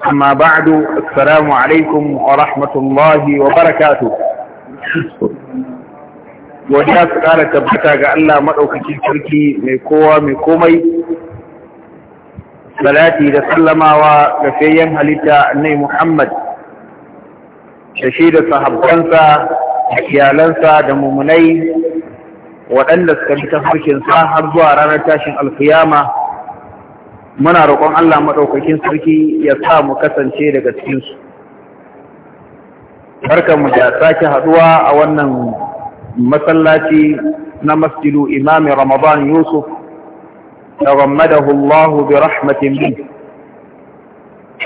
Amma أما بعد السلام عليكم ورحمة الله وبركاته wajen su ƙara tabbata ga Allah maɗaukacin sarki mai kowa mai komai salati da sallamawa ga fayyan halitta annai Muhammad da da sahabbansa iyalansa da mummunai waɗanda suka bi tafarkinsa har zuwa ranar tashin alfiyama muna roƙon Allah maɗaukakin sarki ya sa mu kasance daga cikinsu. Barkanmu da sake haɗuwa a wannan masallaci na masjidu imami Ramadan Yusuf, tagammadahu Allahu bi rahmatin min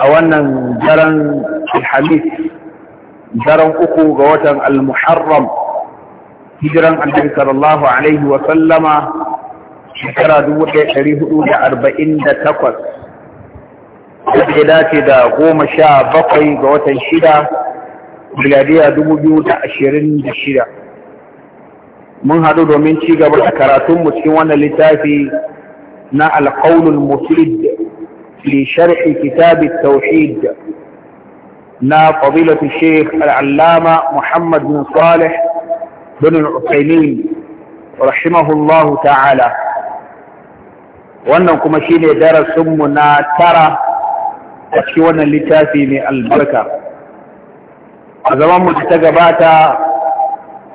a wannan daren Alhamis, daren uku ga watan Al-Muharram, hijiran Annabi sallallahu Alaihi sallama. shekara dubu ɗaya ɗari hudu da arba'in da takwas ya dace da goma sha bakwai ga watan shida miladiya dubu biyu da ashirin da shida mun haɗu domin ci gaba da mu cikin wannan littafi na alƙaunul Musulid, fi sharhi kitabi tauhid na fadilatu sheikh al'allama muhammad bin salih bin al'usaimin rahimahullahu ta'ala wannan kuma shi shine darasinmu na tara a cikin wannan littafi mai albarka a zamanmu da ta gabata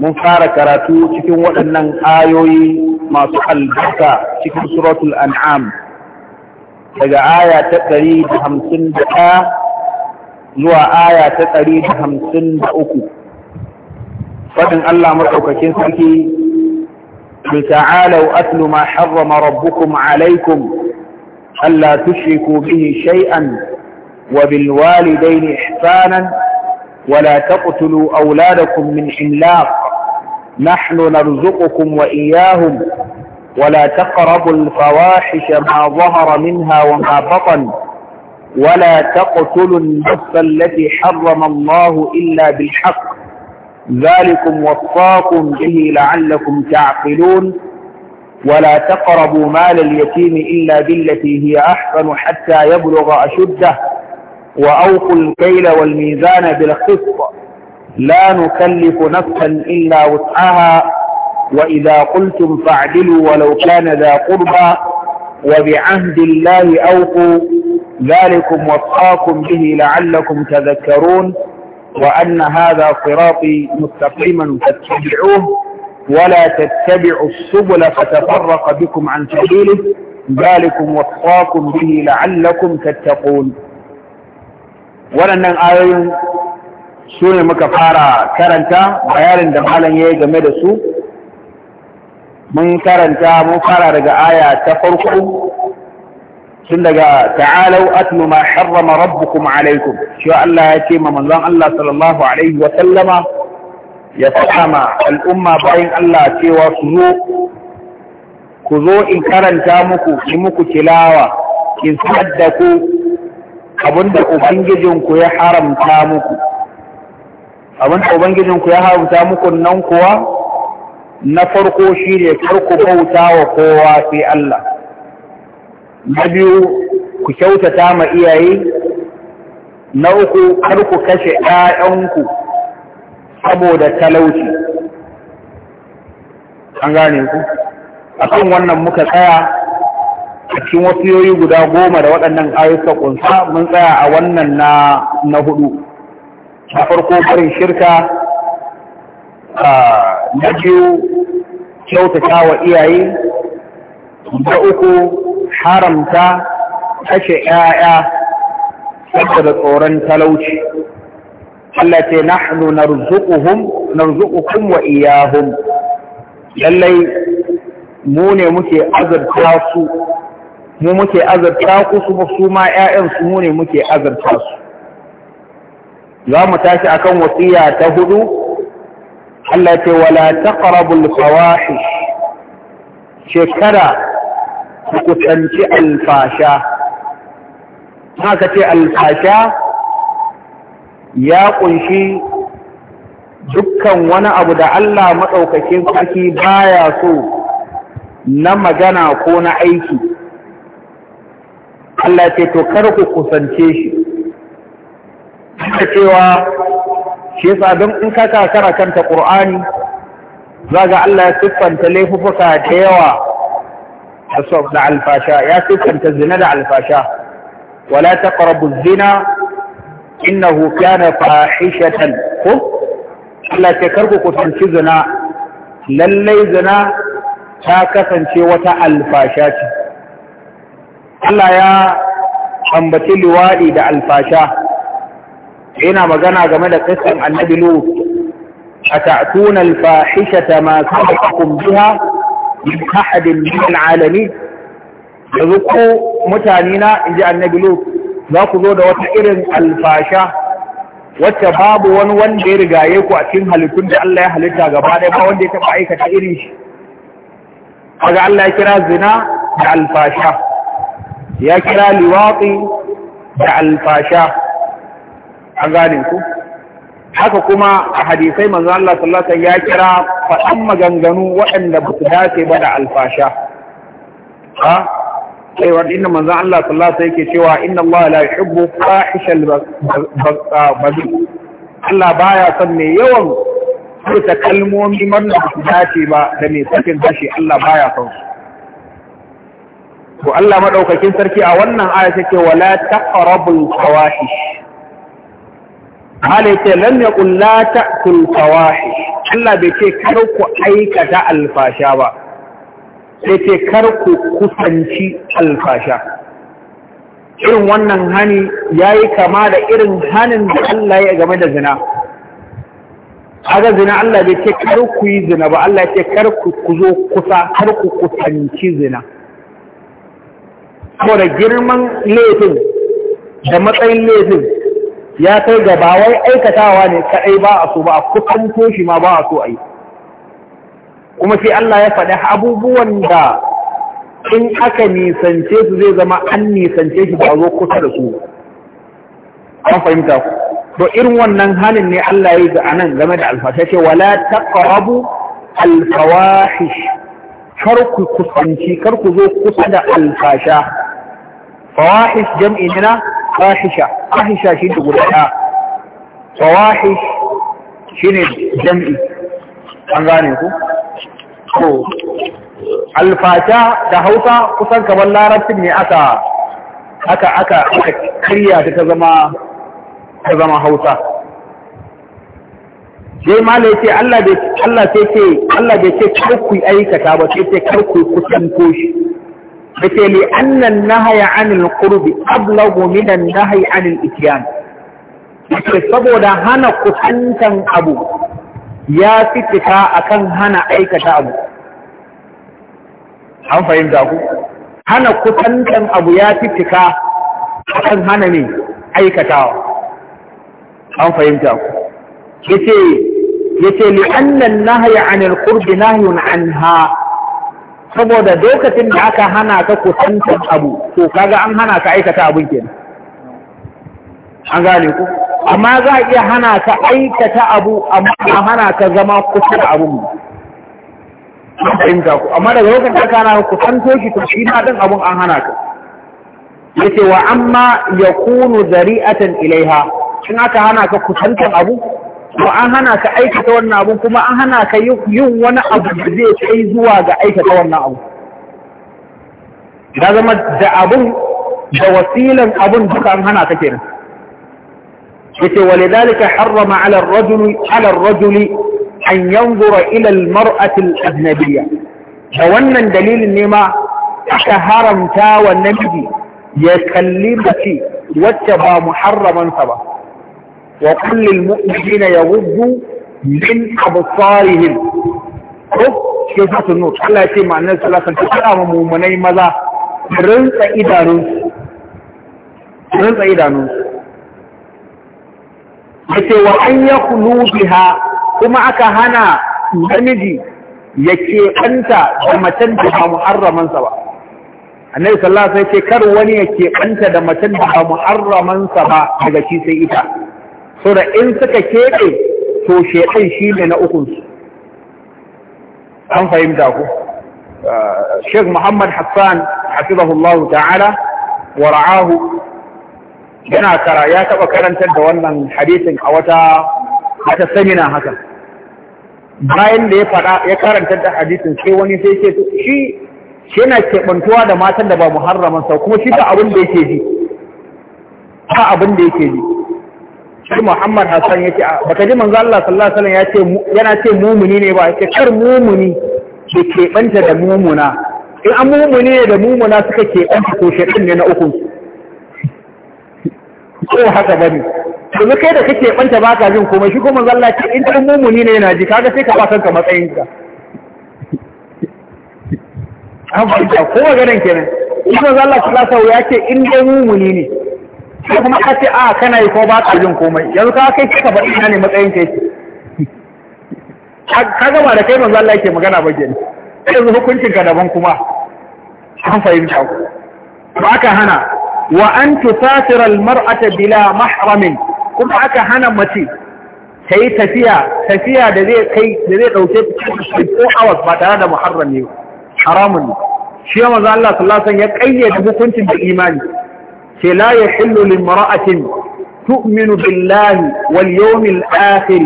mun fara karatu cikin waɗannan ayoyi masu albarka cikin suratul an'am daga aya ta ɗari da hamsin da ɗaya zuwa aya ta ɗari da hamsin da uku faɗin Allah maɗaukakin sarki قل تعالوا أتل ما حرم ربكم عليكم ألا تشركوا به شيئا وبالوالدين إحسانا ولا تقتلوا أولادكم من حملاق نحن نرزقكم وإياهم ولا تقربوا الفواحش ما ظهر منها وما بطن ولا تقتلوا النفس التي حرم الله إلا بالحق ذلكم وصاكم به لعلكم تعقلون ولا تقربوا مال اليتيم إلا بالتي هي أحسن حتى يبلغ أشده وأوفوا الكيل والميزان بالقسط لا نكلف نفسا إلا وسعها وإذا قلتم فاعدلوا ولو كان ذا قربى وبعهد الله أوفوا ذلكم وصاكم به لعلكم تذكرون وأن هذا صراطي مستقيما فاتبعوه ولا تتبعوا السبل فتفرق بكم عن سبيله ذلكم وصاكم به لعلكم تتقون waɗannan ayoyin su ne muka fara karanta bayanin da malam ya yi game da su mun karanta mun fara daga aya ta farko tun daga ta'alau atlu ma harrama rabbukum alaikum shi Allah ya ce ma manzon Allah sallallahu alaihi wa sallama ya fahama al'umma bayan Allah cewa su zo ku zo in karanta muku in muku tilawa in saddaku abinda ubangijinku ya haramta muku abinda ubangijinku ya haramta muku nan kuwa na farko shine karku bauta wa kowa sai Allah na biyu ku kyautata ma iyaye na uku har ku kashe ‘ya'yanku saboda talauci an gane ku a kan wannan muka tsaya a cikin wasu yoyi guda goma da waɗannan ayyuka ƙunsa mun tsaya a wannan na hudu ta farko barin shirka na biyu kyautata wa iyaye na uku haramta kashe ‘ya'ya saboda tsoron talauci. Allah ce, Nahnu narzuqukum wa iyahum, lallai mu ne muke azarta su, mu muke azarta ku su su ma ‘ya'yan su mu ne muke azarta su. Za mu tashi akan wasiya ta hudu, Allah ce, Wala taqrabul fawahish shekara ku kusanci alfasha haka ce alfasha ya ƙunshi dukkan wani abu da Allah maɗaukakin sarki baya so na magana ko na aiki Allah ce to kar ku kusance shi haka cewa shi yasa don in ka kakara kanta ƙur'ani za ga Allah ya siffanta laifuka da yawa da alfasha ya siffanta zina da alfasha wala taqrabu zina innahu kana kusanci zina lallai zina ta kasance wata alfasha Allah ya ambaci liwaɗi da alfasha yana magana game da kisan annabi Lut a ta'tuna alfahishata min ahadin alami alamin yanzu ko mutane na inji annabi lut za ku zo da wata irin alfasha wacce babu wani wanda ya rigaye ku a cikin halittun da Allah ya halitta gaba ɗaya ba wanda ya taɓa aikata irin shi kaga Allah ya kira zina da alfasha ya kira liwatsi da alfasha an gane ku haka kuma a hadisai manzo Allah sallallahu alaihi ya kira faɗan maganganu waɗanda ba su dace ba da alfasha ha sai wanda inda manzo Allah sallallahu alaihi yake cewa inna Allah la yuhibbu fahishal bazi Allah baya son mai yawan furta kalmomi wanda ba su dace ba da mai sakin hashi Allah baya son su to Allah madaukakin sarki a wannan aya take wala taqrabul fawahish hali ce lan ya ƙulla ta kulfawahi, Allah bai ce karku ku aikata alfasha ba, sai ce kar ku kusanci alfasha. Irin wannan hani ya yi kama da irin hanin da Allah ya game da zina. Haka zina Allah bai ce kar yi zina ba, Allah ce kar ku zo kusa, kar ku kusanci zina. Saboda girman laifin da matsayin laifin ya kai ga ba wai aikatawa ne kaɗai ba a so ba a kusanto shi ma ba a so a yi kuma sai Allah ya faɗi abubuwan da in aka nisance su zai zama an nisance shi ba zo kusa da su an fahimta ku to irin wannan halin ne Allah ya yi ga anan game da alfasha ce wala taqrabu alfawahish kar ku kusanci kar ku zo kusa da alfasha fawahish jam'i na fahisha fahisha shi ne guda ɗaya fawahish shi ne jam'i an gane ku to alfata da hausa kusan kamar larabcin ne aka aka aka aka karya ta zama ta zama hausa sai mala yace Allah bai Allah ce Allah bai ce karku aikata ba sai ce karku ku kusanto shi yace li anna an-nahya 'anil qurbi ablagu min an-nahyi 'anil ityan yace saboda hana kusantan abu ya fi fita akan hana aikata abu an fahimta ku hana kusantan abu ya fi fita akan hana ne aikatawa an fahimta ku yace yace li anna an-nahya 'anil qurbi nahyun 'anha saboda lokacin da aka hana ka kusantar abu to kaga an hana ka aikata abun kenan an gane ku amma za a iya hana ka aikata abu amma a hana ka zama kusa da abun ku amma daga lokacin da aka hana ka kusanto shi to shi ma din abun an hana ka yace wa amma yakunu zari'atan ilaiha kin aka hana ka kusantar abu Kuma an hana ka aikata wannan abu kuma an hana ka yin wani abu da zai kai zuwa ga aikata wannan abu da zama da abun da wasilan abun duka an hana ka kenan yace walidhalika harrama ala ar-rajuli ala rajuli an yanzura ila al-mar'ati al-ajnabiyya da wannan dalilin ne ma aka haramta wa namiji ya kalli mace wacce ba muharramansa ba wa kullil mu'minina yaghuddu min absarihim ko cikin suratul nur Allah ya ce ma annabi sallallahu alaihi wasallam ta ma mu'minai maza rinsa idanun rinsa idanun yace an yakulu biha kuma aka hana namiji ya keɓanta da macen da ba muharramansa ba. Annabi sallallahu alaihi ce kar wani ya keɓanta da matan da ba muharramansa ba daga shi sai ita. so da in suka keɓe to shekai shi ne na ukunsu an fahimta ku uh, sheik muhammad hassan hafizahullahu ta'ala wa ra'ahu yana kara ya taɓa karantar da wannan hadisin a wata wata samina haka bayan da ya faɗa ya karantar da hadisin sai wani sai ce shi shi yana keɓantuwa da matan da ba muharraman sau kuma shi ba abin da yake ji ba abin da yake ji sai Muhammad Hassan yake ah, baka ji manzo Allah sallallahu alaihi wasallam yana ce mumuni ne ba yake kar mumuni ke keɓanta da mumuna in an mumuni ne da mumuna suka keɓanta to shaɗin ne na uku, ko haka bane yanzu kai da kake banta ba ka jin komai shi kuma Allah ce in ɗan mumuni ne yana ji kaga sai ka ba kanka matsayin ka an fahimta ko maganan kenan shi kuma zalla sallallahu alaihi wasallam ya ce in dai mumuni ne sai kuma ka ce a ah, kana yi ko ba ka jin komai yanzu ka kai kika ba ina ne matsayin kai ka gama da kai manzo Allah yake magana ba ke sai yanzu hukuncin ka daban kuma an fahimta ku ba aka hana wa an tusafira almar'ata bila mahramin kuma aka hana mace ta yi tafiya tafiya da zai kai da zai dauke ko awas ba tare da muharrami haramun ne shi manzo Allah sallallahu alaihi wasallam ya kayyade hukuncin da imani ce la ya hillu limra'atin tu'minu billahi wal yawmil akhir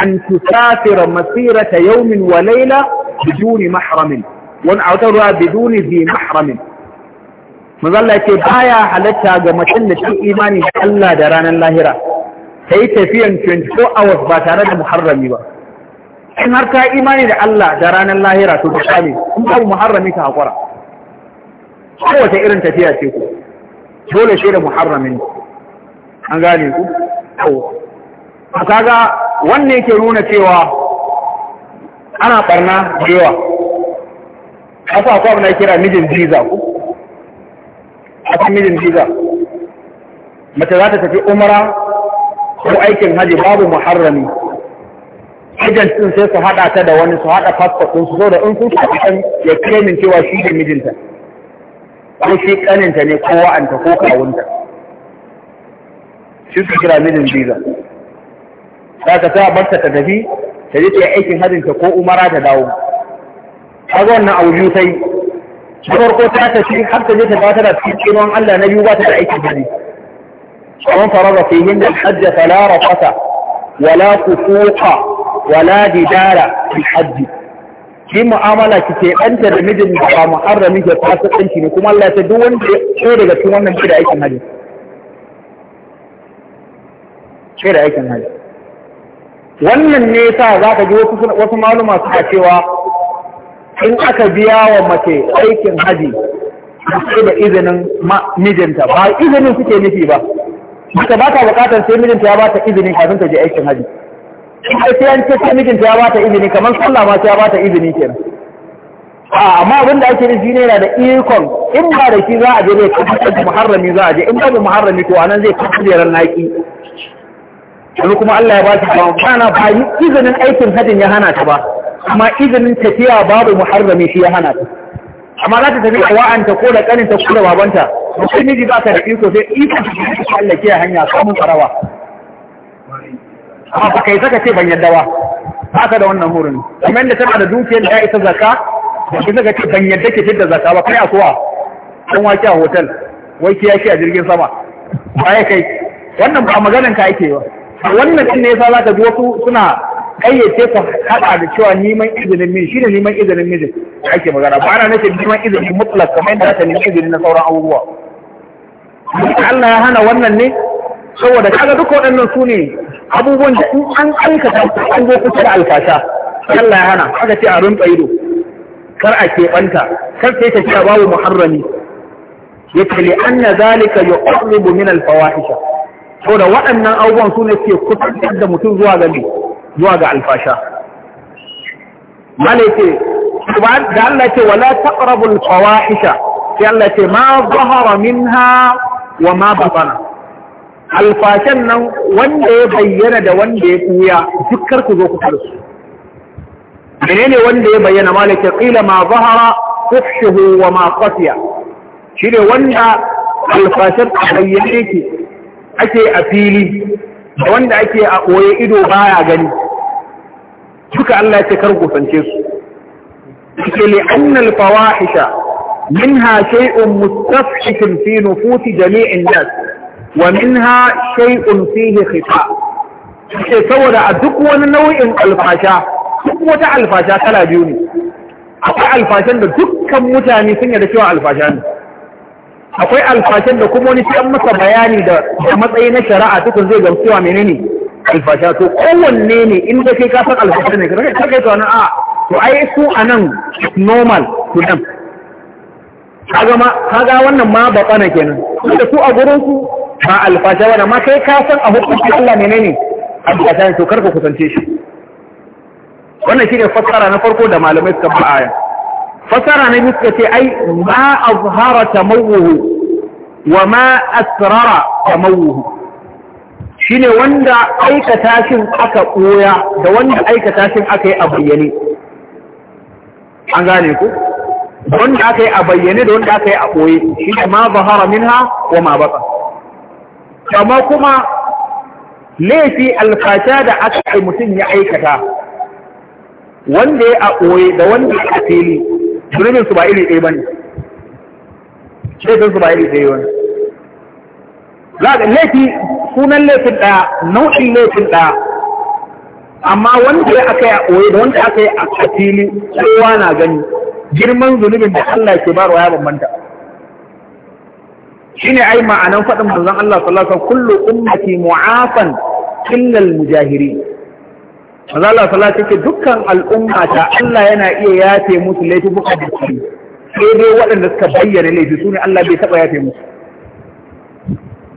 an tusafira masirata yawmin wa layla biduni mahramin wani autarwa biduni bi mahramin mazalla ce baya halatta ga mutum da cikin imani da Allah da ranar lahira ta yi tafiyan 24 hours ba tare da muharrami ba in har ta imani da Allah da ranar lahira to ta kame in babu muharrami ka haƙura kowace irin tafiya ce ku dole shi da muharramin an gane ku a kaga wannan yake nuna cewa ana barna da yawa Kafa kwa na kira mijin jiza ku a kan mijin jiza mace za ta tafi umara ko aikin haji babu muharrami ajantin sai su haɗa ta da wani su haɗa fasfafin su so da in sun shafi kan ya cewa shi da mijinta ko shi kaninta ne ko wa'anta ko kawunta shi su kira minin biza za ka sa barta ta tafi ta je ta aikin hajjinta ko umara ta dawo kaga wannan abu biyu sai ta farko ta tafi har ta je ta dawo tana cikin tsinon Allah na biyu ba ta da aikin hajji ومن فرض فيهن الحج فلا رفث ولا فسوق wala didara, في الحج yi mu'amala ki ke ɗanta da mijin da ba muharrami ke fasikanci ne kuma Allah ta duk wanda ya ce daga cikin wannan bai da aikin hali ce aikin hali wannan ne yasa za ka ji wasu maluma suka cewa in aka biya wa mace aikin haji sai da izinin mijinta ba izinin suke nufi ba haka ba ta bukatar sai mijinta ya ba ta izinin kafin ta je aikin haji sai sai an ce sai mijinta ya bata izini kamar sallah ma ya bata izini kenan a amma abin da ake nufi ne yana da ikon in ba da shi za a je ne tabbatar da muharrami za a je in babu muharrami to anan zai kafa jeran naki Wani kuma Allah ya ba ta ba kana ba yi izinin aikin hajjin ya hana ta ba amma izinin tafiya babu muharrami shi ya hana ta amma za ta tafi a wa'anta ko da kaninta ko da babanta mutum miji ba ka da iko sai iko ta Allah ke hanya samun farawa amma ba kai saka ce ban yadda ba ba ka da wannan hurin kuma inda tana da dukiyar da ya isa zaka ba ki saka ce ban yadda ke fidda zaka ba kai a kuwa an wake a hotel wai ki yaki a jirgin sama ba ya kai wannan ba maganan ka ake ba wannan din ne yasa zaka ji wasu suna kayyace ku hada da cewa neman izinin min shine neman izinin mijin ake magana ba ana nake neman izinin mutlak kamar yadda aka neman izinin na sauran abubuwa Allah ya hana wannan ne saboda kaga duka waɗannan su ne abubuwan da in an aikata an zo kusa da alfasha Allah ya hana aka ce a rumfa ido kar a keɓanta kar sai tafiya babu muharrami ya ce li anna zalika yuqarribu min To da waɗannan abubuwan su ne ke kusantar da mutum zuwa ga zuwa ga alfasha malai da Allah ce wala taqrabu fawahisha sai Allah ce ma zahara minha wa ma batana alfashen nan wanda ya bayyana da wanda ya kuya dukkan ku zo ku su. menene wanda ya bayyana malaka qila ma zahara ufshuhu wa ma qafiya shine wanda alfashin bayyane yake ake a fili da wanda ake a koye ido baya gani duka Allah ya ce kar ku sance su suke li annal fawahisha minha shay'un mustafhikin fi nufusi jami'in nas wa minha shay'un fihi khita ce saboda a duk wani nau'in alfasha duk wata alfasha kala biyu ne akwai alfashan da dukkan mutane sun yarda cewa alfasha ne akwai alfashan da kuma wani sai masa bayani da matsayi na shari'a tukun zai cewa menene alfasha to kowanne ne in da kai ka san alfasha ne kai kai to nan a to ai su anan normal to them kaga ma kaga wannan ma bakana kenan da su a gurin su ba alfasha wani ma kai ka san abu kuma Allah menene abu ka san to karka kusance shi wannan shine fasara na farko da malamai suka ba aya Fasara na biyu suka ce ai ma azhara tamawuhu wa ma ta asrara Shi ne wanda aikata shi aka ɓoya, da wanda aikata shi aka yi a bayyane an gane ku wanda aka yi a bayyane da wanda aka yi a ɓoye, shi ne ma zahara minha wa ma baka amma kuma laifi alfasha da aka yi mutum ya aikata wanda ya a ɓoye da wanda ya fili zunubin su ba iri ɗaya ba ne su ba iri ɗaya ba ne laifi sunan laifin ɗaya nau'in laifin ɗaya amma wanda ya aka yi a da wanda aka yi a fili kowa na gani girman zunubin da Allah ke barwa ya bambanta shine ai ma'anan faɗin manzon Allah sallallahu alaihi wasallam kullu ummati mu'afan illa al-mujahiri manzon Allah sallallahu alaihi wasallam dukkan al'umma ta Allah yana iya yafe musu laifuka da su sai dai waɗanda suka bayyana laifi su Allah bai taɓa yafe musu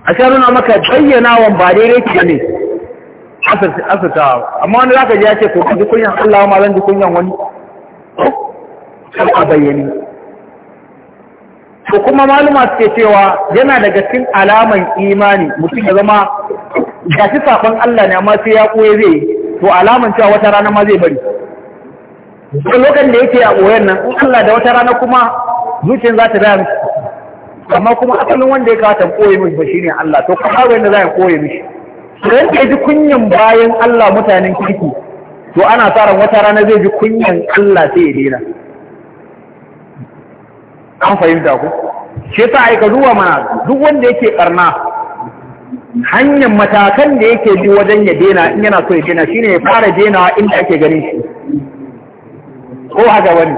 a sha nuna maka bayyanawan ba daidai ke ne asirtawa amma wani zaka ji ya ce ko ji kunyan Allah ma zan ji kunyan wani a bayyani to kuma maluma suke cewa yana daga cikin alaman imani mutum ya zama gashi saban Allah ne amma sai ya koye zai to alaman cewa wata rana ma zai bari to lokacin da yake a koyon nan in Allah da wata rana kuma zuciyar za ta daya amma kuma asalin wanda ya kawata koye mishi ba shine Allah to kuma yadda za ya koye mishi Sai ya ji kunyan bayan Allah mutanen kirki to ana sa ran wata rana zai ji kunyan Allah sai ya daina an fahimta ku shi ta aika zuwa mana duk wanda yake karna hanyar matakan da yake bi wajen ya dena in yana so ya dena shine ya fara dena inda ake ganin shi ko a ga wani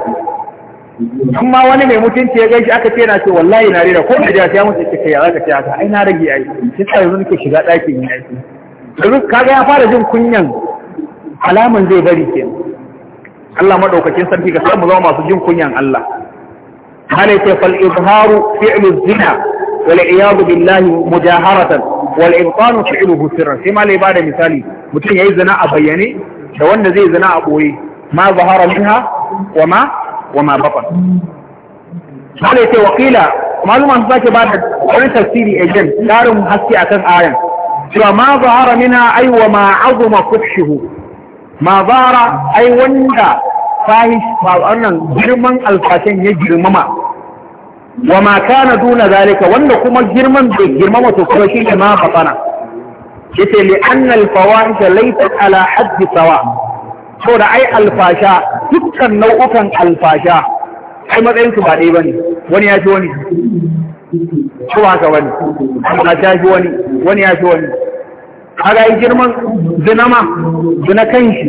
amma wani mai mutunci ya gaishe aka ce yana ce wallahi na rira ko da ja sai mutu ce kai ya zaka ce haka ai na rage ai shi ta yanzu nake shiga ɗakin ya aiki yanzu kaga ya fara jin kunyan alaman zai bari kenan Allah madaukakin sarki ka samu zama masu jin kunyan Allah هلك فالإظهار فعل الزنا والعياذ بالله مجاهرة والابطال فعله سرا سمع العبادة مثالي متين أي زنا أبياني لو أن زي زنا أبوي ما ظهر منها وما وما بطن هلك وقيل معلومة أنت بعد أنت سيدي أجن دارم هسي أتن آيان وما ظهر منها أي وما عظم فحشه ما ظهر أي وندا fahish ba wannan girman alfashin ya girmama wa ma kana duna zalika wanda kuma girman da girmama to kuma shi ne ma fatana yace li anna al fawahish laysat ala haddi sawa to da ai alfasha dukkan nau'ukan alfasha ai matsayin su ba dai bane wani ya fi wani ko ba ka wani ba ta fi wani wani ya fi wani kaga yin girman zina ma zina kanshi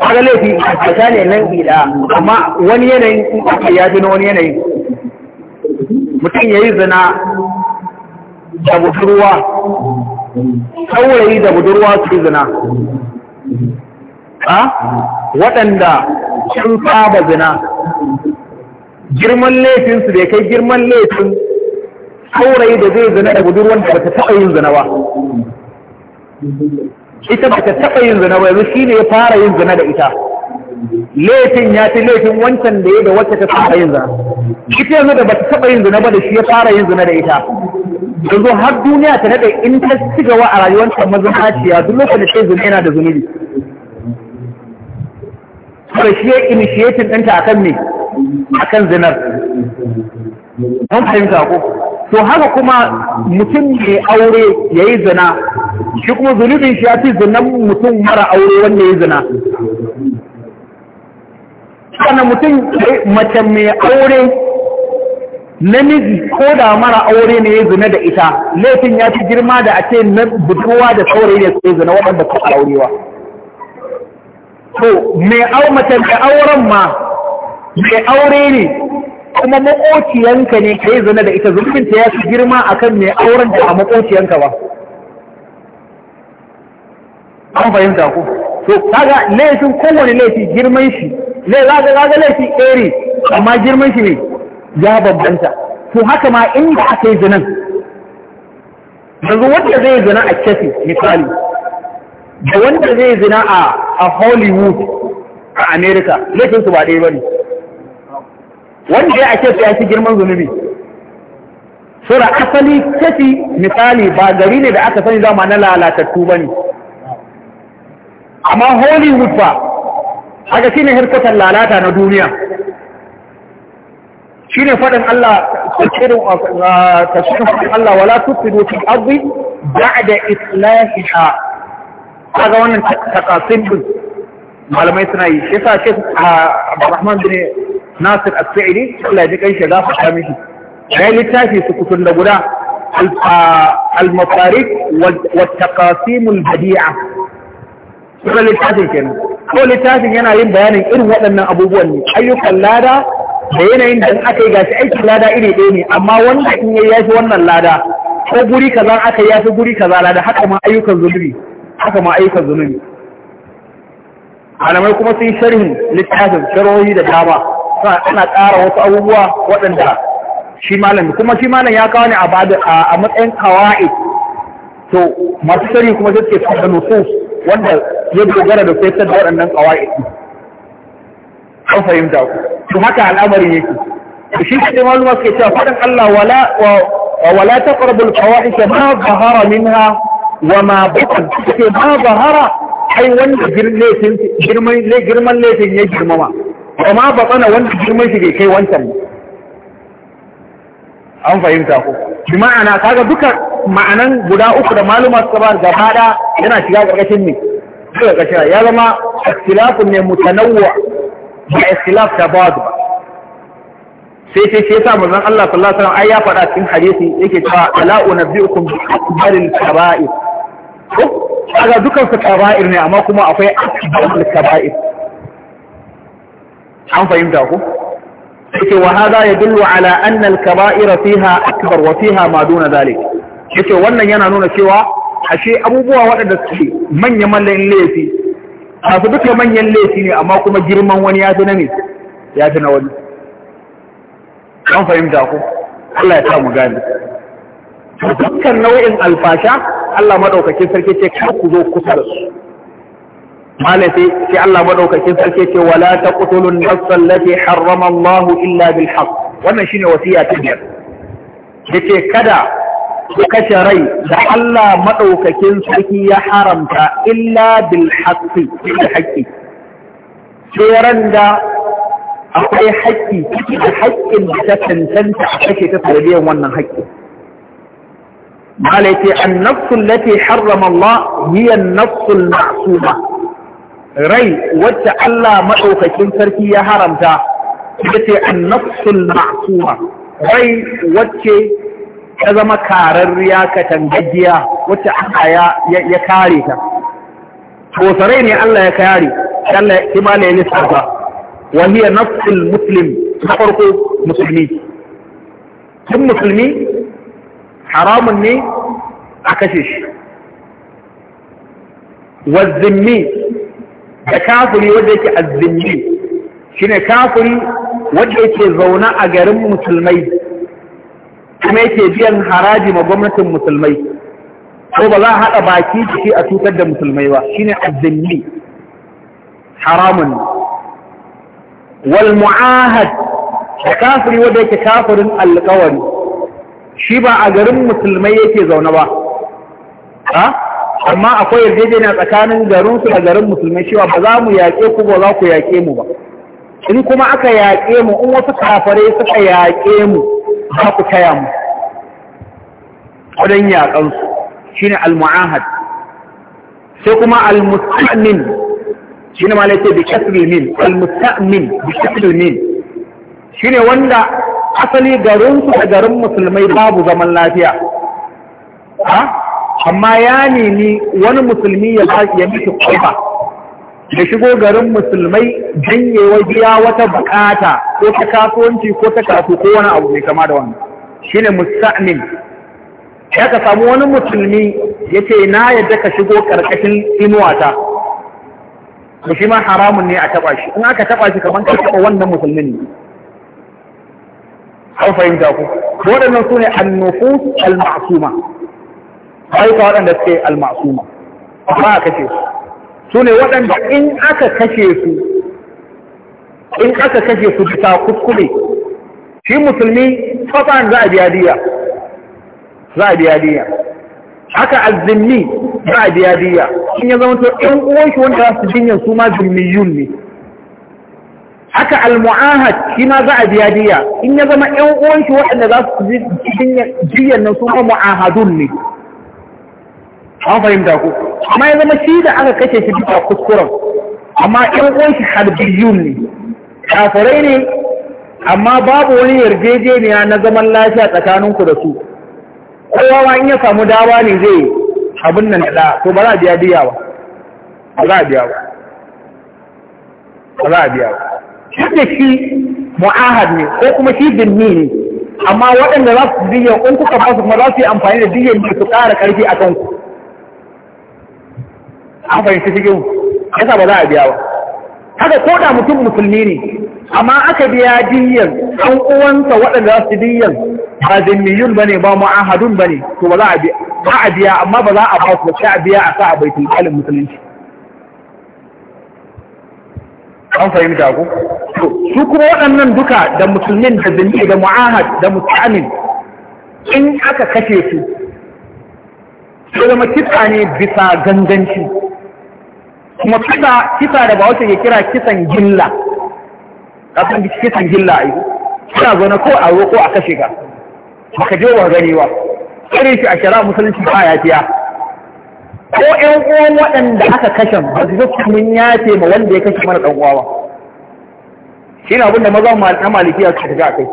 kaga laifi a ta ne nan ila amma wani yanayin in aka ya ji na wani yanayin mutum ya yi zina da budurwa saurayi da budurwa su yi zina a waɗanda sun saba zina girman laifinsu bai kai girman laifin saurayi da zai zina da budurwan da ba ta taɓa yin zina ba ita ba ta taɓa yin zina ba yanzu shi ne ya fara yin zina da ita laifin ya fi laifin wancan da ya da wacce ta taɓa yin zina ita yanzu da ba ta taɓa yin zina ba da shi ya fara yin zina da ita yanzu har duniya ta daɗe in ta ci gaba a rayuwarta mazinaciya duk lokacin da ta zina yana da zunubi saboda shi ya initiating ɗinta akan me akan zinar mun fahimta ko to haka kuma mutum mai aure ya yi zina shi kuma zunubin shi ya fi zinan mutum mara aure wanda ya zina sannan mutum mace mai aure namiji ko da mara aure ne ya zina da ita laifin ya fi girma da ake na budurwa da saurayi ne sai zina waɗanda suka aurewa to mai aure mace mai auren ma mai aure ne kuma maƙociyanka ne ka yi zina da ita zunubinta ya fi girma a kan mai auren da a maƙociyanka ba an fahimta ku to kaga laifin kowane laifi girman shi zai zaga zaga laifi eri amma girman shi ne ya bambanta to haka ma inda aka yi zinan yanzu wanda zai zina a kyafi, misali da wanda zai zina a hollywood a Amerika, laifinsu ba ɗaya ba ne wanda ya ake ya fi girman zunubi sura asali fi misali ba gari ne da aka sani dama na lalatattu ba ne amma hollywood ba aka shi ne harkatar lalata na duniya shi ne faɗin Allah tasirin uh, faɗin Allah wala tufido fi abu ba da A aga wannan takasin malamai suna yi shi sa shi uh, a rahman bin nasir as-sa'idi Allah ya kai shi gafa mishi ya littafi su kutun da guda al-mafarik wa taqasim al-badi'a kuma littafin kenan ko littafin yana yin bayanin irin waɗannan abubuwan ne ayyukan lada da yanayin da aka yi gashi aikin lada iri ɗaya ne amma wanda in yayi yafi wannan lada ko guri kaza aka yafi guri kaza lada haka ma ayyukan zunubi haka ma ayyukan zunubi malamai kuma sun sharhin littafin sharohi da dama ana ƙara wasu abubuwa waɗanda shi malam kuma shi malam ya kawo ne a matsayin kawai to masu sani kuma zai ke fada nusus wanda ya dogara da fesar da waɗannan kawai an fahimta ku to haka al'amarin yake to shi kaɗai maluma suke cewa faɗin Allah wala wala taqrabul fawahish ma zahara minha wa ma batan ce ma zahara ai wanda girman laifin ya girmama amma ba tsana wanda girman shi bai kai wancan ba an fahimta ko shi ma'ana kaga duka ma'anan guda uku da maluma suka ba gaba da yana shiga karkashin ne duka karkashin ya zama ikhtilafun ne mutanawwa ba ikhtilaf ta ba sai sai sai sa manzon Allah sallallahu alaihi wasallam ai ya faɗa cikin hadisi yake cewa ala unabbiukum bi akbaril kaba'ir kaga dukan su kaba'ir ne amma kuma akwai akbaril kaba'ir an fahimta ku yake wa hada yadullu ala anna al-kaba'ira fiha akbar wa fiha ma duna dhalik yake wannan yana nuna cewa ashe abubuwa waɗanda suke manyan mallan laifi su duka manyan laifi ne amma kuma girman wani ya fi na ne ya fi na wani an fahimta ku Allah ya samu gani dukkan nau'in alfasha Allah madaukakin sarki ce ka ku zo kusa da su malam sai Allah madaukakin sarki ce wala taqtulu an-nafs allati harrama Allah illa bil haqq wannan shine wasiya ta biyar yace kada ku kashe rai da Allah madaukakin sarki ya haramta illa bil haqqi bil haqqi sai da akwai haƙƙi da haƙƙin da ta tantanta a kashe ta sanadiyar wannan haƙƙi قال يتي النفس التي حرم الله هي النفس المعصومة rai wacce Allah maɗaukakin sarki ya haramta ita ce annafsul ma'suma rai wacce ta zama kararriya katangajiya wacce Allah ya kare ta to sarai ne Allah ya kare Allah ya kimala ya lissafa wa hiya nafsul muslim ta farko musulmi tun musulmi haramun ne a kashe shi wa zimmi da kafiri wanda yake azzimmi shine kafiri wanda yake zauna a garin musulmai kuma yake biyan haraji ma gwamnatin musulmai ko ba za a haɗa baki da a cutar da musulmai ba shine azzimmi haramun wal mu'ahad da kafiri wanda yake kafirin alƙawari shi ba a garin musulmai yake zauna ba ha amma akwai yarjejeniya tsakanin garinsu da garin musulmai cewa ba za mu yaƙe ku ba za ku yaƙe mu ba in kuma aka yaƙe mu in wasu kafare suka yaƙe mu za ku taya mu wajen yaƙansu shi ne al-mu'ahad sai kuma al-musta'min shi ne malai bi kasri min al-musta'min bi kasri min shi ne wanda asali garinsu da garin musulmai babu zaman lafiya ha amma ya nemi wani musulmi ya ya mutu kwaifa da shigo garin musulmai janye wajiya wata bukata ko ta kasuwanci ko ta kasu ko wani abu mai kama da wannan shine musta'min ya ka samu wani musulmi ya ce na yadda ka shigo karkashin inuwata ba shi ma haramun ne a taba shi in aka taba shi kamar ka taba wannan musulmin ne an fahimta ku waɗannan su ne annufu al-ma'suma aika waɗanda suke almasuma ba a kashe su su ne waɗanda in aka kashe su in aka kashe su bisa kuskure shi musulmi tsofan za a biya diya za a biya diya haka azzimmi za a biya diya in ya zama to ɗan uwan shi wanda za su jinyar su ma zimmiyun ne haka almu'ahad shi ma za a biya diya in ya zama ɗan uwan shi waɗanda za su jinyar nan su ma mu'ahadun ne an fahimta ko amma ya zama shi da aka kashe shi bisa kuskuren amma ɗan uwan halbiyun ne kafirai ne amma babu wani yarjejeniya na zaman lafiya tsakaninku da su kowa ma in ya samu dawa ne zai abin nan da to ba za a biya biya ba ba za a biya ba ba za a biya ba shi da shi mu'ahad ne ko kuma shi binni ne amma waɗanda za su biya in kuka ba su kuma za su yi amfani da biyan ne su ƙara ƙarfi a kanku fahimci cikin yasa ba za a biya ba haka ko da mutum musulmi ne amma aka biya diyyar ɗan uwansa waɗanda za su diyyar ba zimmiyun ba ne ba mu'ahadun ba ne to ba za a biya amma ba za a ba su sai a biya a sa a baitul malin musulunci an fahimta ku su kuma waɗannan duka da musulmin da zimmi da mu'ahad da musulmin in aka kashe su sai zama kitsa ne bisa ganganci kuma kisa kisa da ba wata ke kira kisan gilla kasan kisan gilla ai kira zo na ko a roƙo a kashe ka baka je wa gani ba kare shi a shara musulunci ba ya tiya ko ƴan uwan waɗanda aka kashe ba su zuci mun ce ma wanda ya kashe mana ɗan uwa ba shi na abinda maza na malikiya suka tafi a kai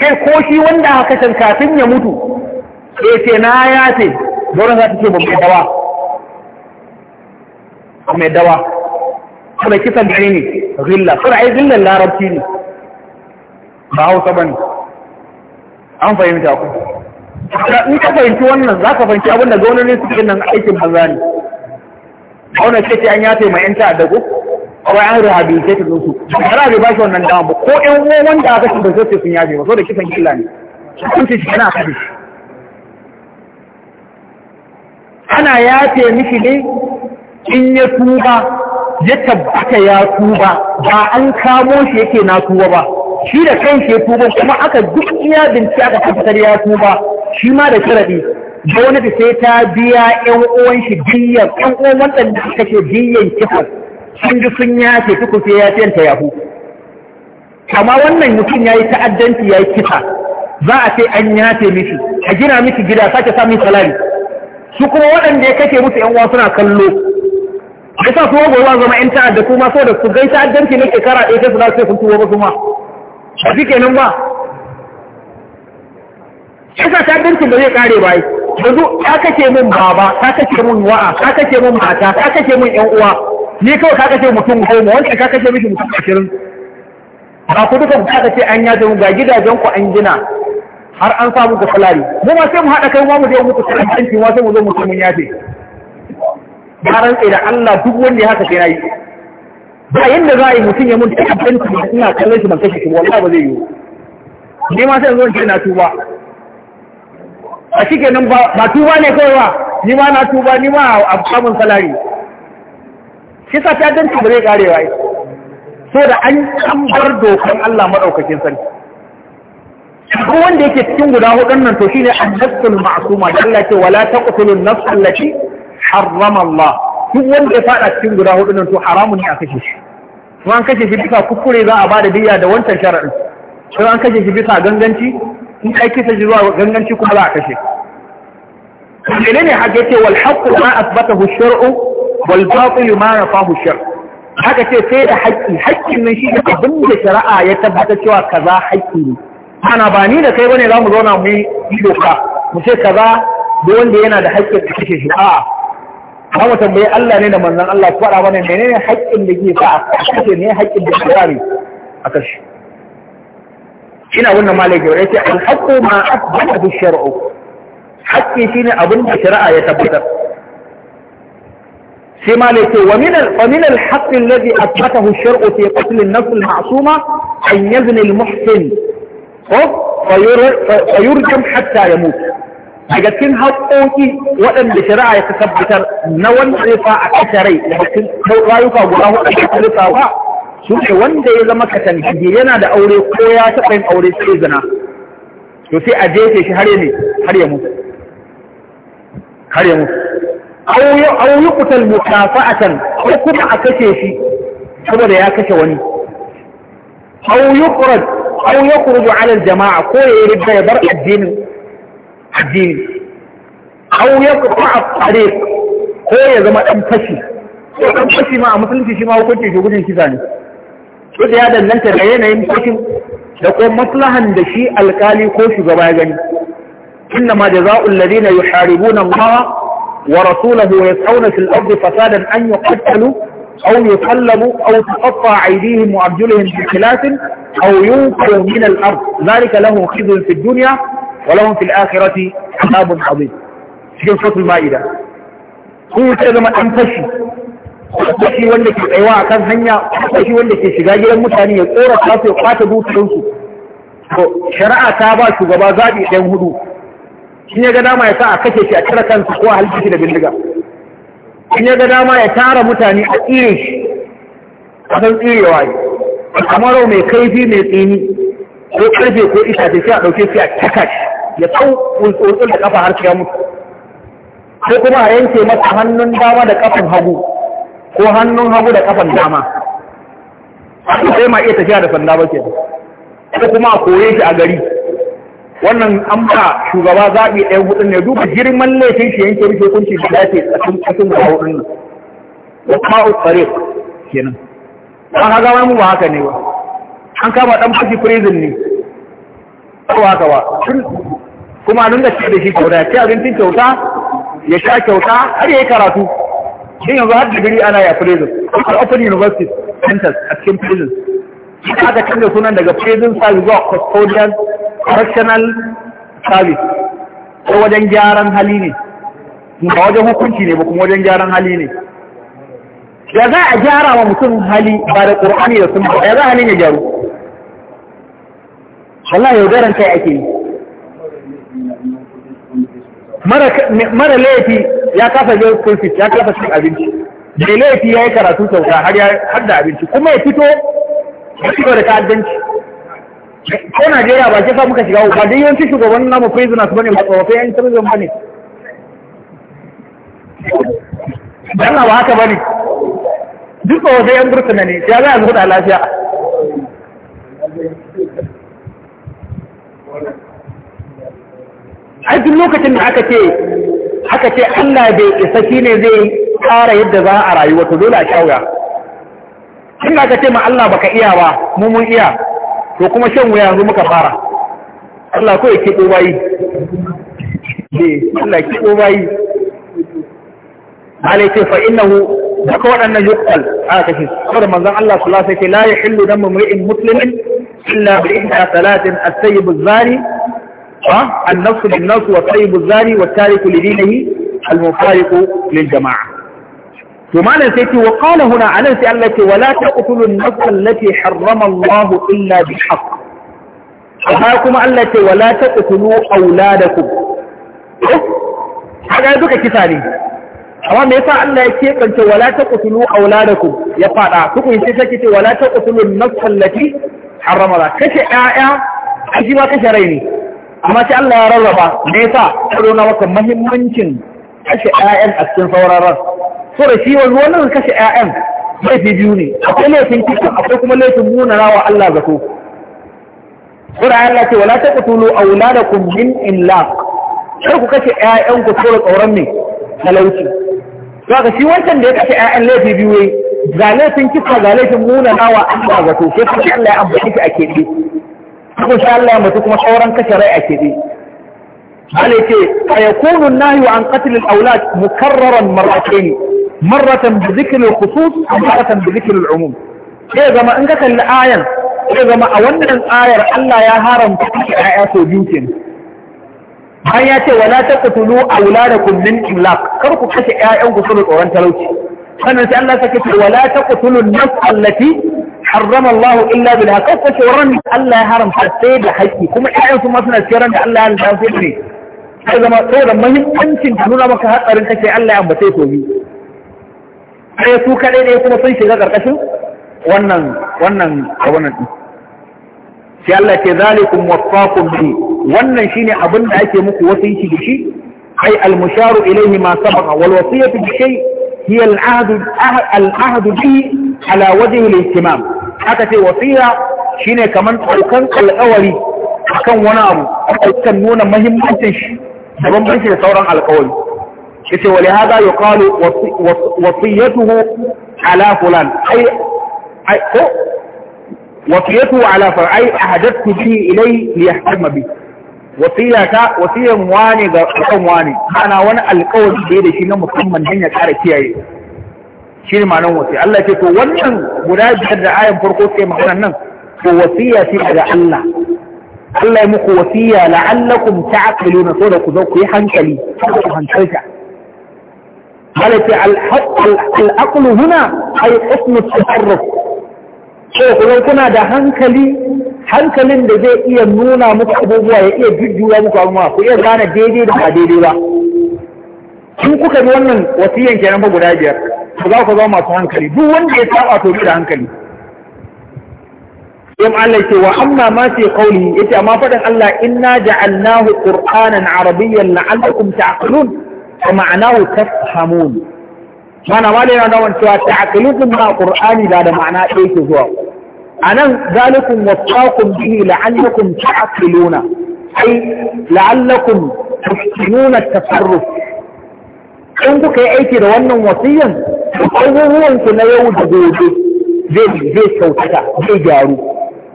sai ko shi wanda aka kashe kafin ya mutu sai ce na yace dole za ta ce ba mai dawa mai dawa da kisan gani ne gilla saboda aiki gillan larabci ne ba hausa ba ne an fahimta ku in ka fahimci wannan za ka fahimci abinda gwamnoni suke nan aikin banza ne wani ce ce an yafe mai yan ta ko kawai an ta din su kana bai bashi wannan dama ba ko ƴan uwa wanda aka shi da sosai sun yafe ba so da kisan kila ne sun ce shi kana kashi ana yafe mishi ne in ya tuba ya tabbata ya tuba ba an kamo shi yake na tuba ba shi da kan shi ya tuba kuma aka duk iya binci aka tabbatar ya tuba shi ma da sharaɗi gwamnati sai ta biya ƴan uwan shi biyan ƴan uwan waɗanda suka ce biyan kifin sun ji sun yace tukun sai ya fiyanta yahu amma wannan mutum ya yi ta'addanci ya yi kisa za a ce an yace mishi a gina mishi gida sake samun salari su kuma waɗanda ya kake musu ƴan uwa suna kallo ya sa kuma gowa zama yan ta'adda kuma ma da su gai ne na shekara ɗaya ta su za su sun tuwo ba kuma ba shi kenan ba ya sa ta'addancin da zai kare ba yi. yanzu ka kace min baba ka kace min wa'a ka kace min mata ka kace min yan uwa ni kawai ka kace mutum goma wanda ka kace miki mutum ashirin ba ku duka ka kace an ya mu ga gidajen ku an gina har an samu ga salari mu ma sai mu haɗa kai mu je mu ku ta'addancin sai mu zo mu mun yafe ya rantse da Allah duk wanda ya haka sai na yi ba yadda za a yi mutum ya mutu a ɗan tuba ina kallon shi ban kashe shi wallahi ba zai yi ne ma sai zo shi na tuba a cikin nan ba tuba ne kawai ba ni ma na tuba ni ma a samun salari shi sa ta danci ba zai karewa yi so da an an bar dokan Allah madaukakin sarki ko wanda yake cikin guda hudun nan to shine annasul ma'suma Allah ce wala taqtulun nafs allati harrama Allah duk wanda ya fada cikin guda hudu nan to haramun ne a kashe shi kuma an kashe shi bisa kuskure za a bada biya da wancan sharaɗin sai an kashe shi bisa ganganci in ai kisa shi zuwa ganganci kuma za a kashe ne ne haka yace wal haqqu ma athbathahu shar'u wal batil ma nafahu shar haka ce sai da haƙƙi haƙƙin nan shi ne abin da shari'a ya tabbata cewa kaza haƙƙi ne ana ba ni da kai bane za mu zauna mu yi doka mu ce kaza da wanda yana da haƙƙin a kashe shi a'a za mu tambayi Allah ne da manzon Allah ku faɗa mana menene haƙƙin da ke fa a ne haƙƙin da ke kare a kashi ina wannan malai gaba yace al haqqu ma asbata bi shar'u haƙƙi shine abin da shari'a ya tabbatar sai malai ce wa min al wa min al haqq alladhi athbathahu shar'u fi qatl an-nafs al-ma'suma an yazni al-muhsin ko fayurjam hatta yamut daga cikin haƙoƙi waɗanda shari'a ya tabbatar na wanda zai fa a kashe rai daga cikin rayuka guda hudu da ta rufawa su ne wanda ya zama katangi yana da aure ko ya taɓa yin aure sai zina to sai a jefe shi har ne har ya mutu har ya mutu au yi kutal mukafa'atan ko kuma a kashe shi saboda ya kashe wani au yi kuraj au yi alal jama'a ko ya yi ribba ya bar addinin addini au ya kuma a tsare ko ya zama ɗan fashi ko ɗan fashi ma a musulunci shi ma hukunci shi gudun kisa ne su da ya danganta da yanayin fashin da ko maslahan da shi alkali ko shugaba ya gani inna ma jaza'ul ladina yuharibuna Allah wa rasulahu wa yas'una fil ardi fasadan an yuqtalu aw yusallabu aw tuqatta aydihim wa arjuluhum bi khilaf aw yunqalu min al ard dhalika lahum khizyun fid dunya walahum fil akhirati azabun azim cikin suratul maida ku ta zama ɗan fashi fashi wanda ke tsayawa akan hanya fashi wanda ke shiga gidan mutane ya tsora kasu ya kwata dukiyarsu shari'a ta ba shugaba zaɓi idan hudu shi ya ga dama ya sa a kashe shi a cire kansa ko a halki da bindiga shi ya ya tara mutane a tsire shi a san tsirewa ne mai kaifi mai tsini ko karfe ko itace a ɗauke sai a taka ya tsau tsuntsul da kafa har ya mutu ko kuma a yanke masa hannun dama da kafin hagu ko hannun hagu da kafan dama sai ma iya tafiya da sanda ba ke ko kuma a koye shi a gari wannan an ba shugaba zaɓi ɗaya hudun ne duba girman laifin shi yanke rufe kunci da dace a tsakin cikin da hudun nan da kuma utsare kenan an haga wani mu ba haka ne ba an kama ɗan fashi prison ne ko haka ba kuma a dinga ce da shi kyauta ya ci abincin kyauta ya sha kyauta har ya yi karatu shin yanzu har digiri ana ya prison har open university centers a cikin prison shi aka canza sunan daga prison service zuwa custodial correctional service ko wajen gyaran hali ne ba wajen hukunci ne ba kuma wajen gyaran hali ne ya za a gyara wa mutum hali ba da ƙur'ani da sunna ya za halin ya gyaru wallahi yaudaran kai ake yi mara laifi ya kasa yau kulfi ya kasa cin abinci mai laifi ya yi karatu kyauta har da abinci kuma ya fito ya shiga da ta'addanci ko najeriya ba ke sa muka shiga ba dai yawanci shugaban namu prisoners bane ba tsofaffin yan prison bane dan ba haka bane duk tsofaffin yan burtuna ne ya za a zuwa da lafiya ai duk lokacin da aka ce aka ce Allah bai isa shine zai kara yadda za a rayuwa to dole a shauya in aka ce ma Allah baka iya ba mu mun iya to kuma shan wuya yanzu muka fara Allah ko ya kiɗo bayi eh Allah kiɗo bayi malai ce fa innahu duka waɗannan yuqal aka kashe saboda manzon Allah sallallahu alaihi wasallam la yahillu damu mu'min muslimin illa bi ihda salatin as-sayyib az-zani ها النص للنص والطيب الزاني والتارك لدينه المفارق للجماعة ثم أنا سيتي وقال هنا على سألتي ولا تقتلوا النفس التي حرم الله إلا بالحق أخاكم التي ولا تقتلوا أولادكم هذا يدوك كثاني amma me yasa Allah ya kebance wala taqtulu auladakum ya fada kuku yin sai kace wala taqtulu an-nafs allati harrama kace ayya aji ma kace rai ne amma sai Allah ya rarraba me yasa ya na maka muhimmancin kashe ƴaƴan a cikin sauran ran so da shi wannan kashe ƴaƴan laifi biyu ne akwai laifin kika akwai kuma laifin rawa Allah zato sura Allah ce wala taqtulu auladakum min illa sai ku kashe ƴaƴan ku tsoro tsoron me talauci saka shi wancan da ya kashe ƴaƴan laifi biyu ne ga laifin kika ga laifin munanawa Allah zato sai kuma Allah ya ambaci ki a keɓe ko sha Allah mutu kuma sauran kashe rai ake kiɗi ala ce a yakunu wa an qatl al awlad mukarraran marratayn marratan bi dhikr al khusus wa marratan bi dhikr al umum sai zama in ka kalli ayan sai zama a wannan ayar Allah ya haramta kashe ayya so biyu kenan an ya ce wala taqtulu awladakum min imlaq kar ku kashe ƴaƴan ku saboda tsoron talauci sannan sai Allah sake ce wala taqtulu an-nafs allati harrama Allah illa bil haqq ko ce ran Allah ya haramta sai da haƙƙi kuma ƴaƴan su ma suna cikin ran da Allah ya haramta sai ne sai zama saboda muhimmancin ka nuna hatsarin kace Allah ya ambace to bi kuma sun shiga ƙarƙashin wannan wannan wannan Allah ke zalikum wasaqum bi wannan shine abin da ake muku wasiyyi da shi ai al musharu ilayhi ma sabaqa wal wasiyatu bi shay hiya al ahd al ahd ala wajhi al-ihtimam aka ce wasiya shine kaman daukan alƙawari akan wani abu akan nuna muhimmancin shi da bambanci da sauran alƙawari yace wa lihada yuqalu wasiyatuhu ala fulan ai ko wasiyatuhu ala fulan ai ahadathu bi ilay liyahtama bi wasiya ta wasiyan wani ga kan wani ana wani alƙawari da shi na musamman dan ya kare kiyaye shi ne ma'anar wasiya Allah ce to wannan guda biyar da ayan farko ce magana nan to wasiya shi daga Allah Allah ya muku wasiya la'allakum ta'qiluna so da ku zo ku yi hankali ku hankalta ce al-aqlu huna ay husn at-tasarruf so ku kuna da hankali hankalin da zai iya nuna muku abubuwa ya iya jujjuya muku abubuwa ku iya gane daidai da ba daidai ba in kuka bi wannan wasiyan kenan ba guda biyar ku za ku zama masu hankali duk wanda ya saba to da hankali sai Allah ya ce wa amma ma fi qawli yace amma fadan Allah inna ja'alnahu qur'anan arabiyyan la'allakum ta'qilun wa ma'anahu tafhamun mana ma yana da wannan cewa ta'qilun ma qur'ani da da ma'ana ɗaya ke zuwa anan zalikum wasaqum bihi la'allakum ta'qiluna ai la'allakum tuhsinuna at-tasarruf in kuka yi aiki da wannan wasiyan abubuwan ku na yau da gobe zai kyautata zai gyaru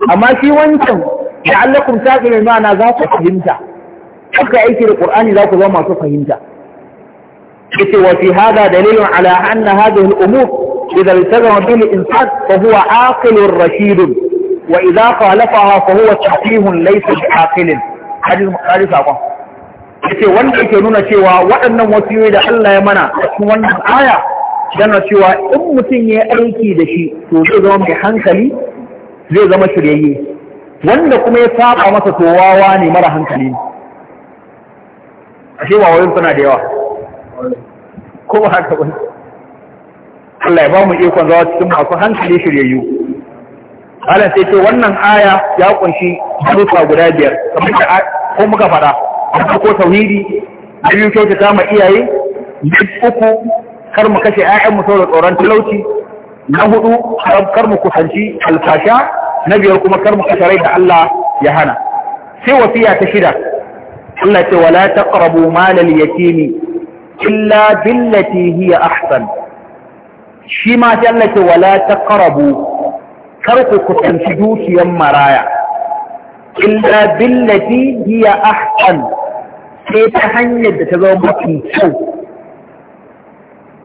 amma shi wancan da allakum taqilun ma'ana za ku fahimta kuka aiki da qur'ani za ku zama masu fahimta yace wa fi hada dalilun ala anna hadhihi al-umur idha iltazama bil insan fa huwa aqilun rashidun wa idha khalafaha fa huwa tahihun laysa bi aqilin hadith hadith akon yake wanda yake nuna cewa waɗannan wasiyoyi da Allah ya mana a cikin wannan aya yana cewa in mutum ya aiki da shi to zai zama mai hankali zai zama shiryayye wanda kuma ya saba masa to wawa ne mara hankali ashe wawayin suna da yawa ko ba haka ba Allah ya ba mu ikon zawa cikin masu hankali shiryayyu Allah sai ce wannan aya ya kunshi duka guda biyar kamar ko muka faɗa na farko tauhidi na biyu ta ma iyaye na uku kar mu kashe ƴaƴanmu saboda tsoron talauci na hudu kar mu kusanci alfasha na biyar kuma kar mu kashe rai da Allah ya hana sai wasiya ta shida Allah ce wala taqrabu malal yatimi illa billati hiya ahsan shi ma sai Allah ce wala taqrabu kar ku kusanci dukiyar maraya illa billati hiya ahsan sai ta hanyar da ta zama mafi kyau